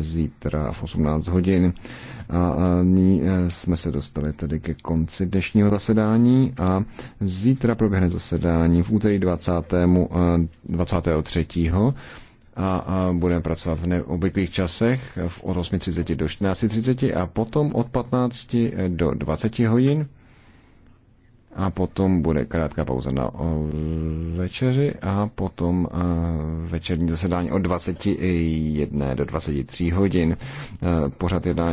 zítra v 18 hodin. A nyní e, jsme se dostali tedy ke konci dnešního zasedání a zítra proběhne zasedání v úterý 20. 23. E, a budeme pracovat v neobvyklých časech od 8.30 do 14.30 a potom od 15 e, do 20 hodin a potom bude krátká pauza na večeři a potom večerní zasedání od 21 do 23 hodin. Eh, pořad jednání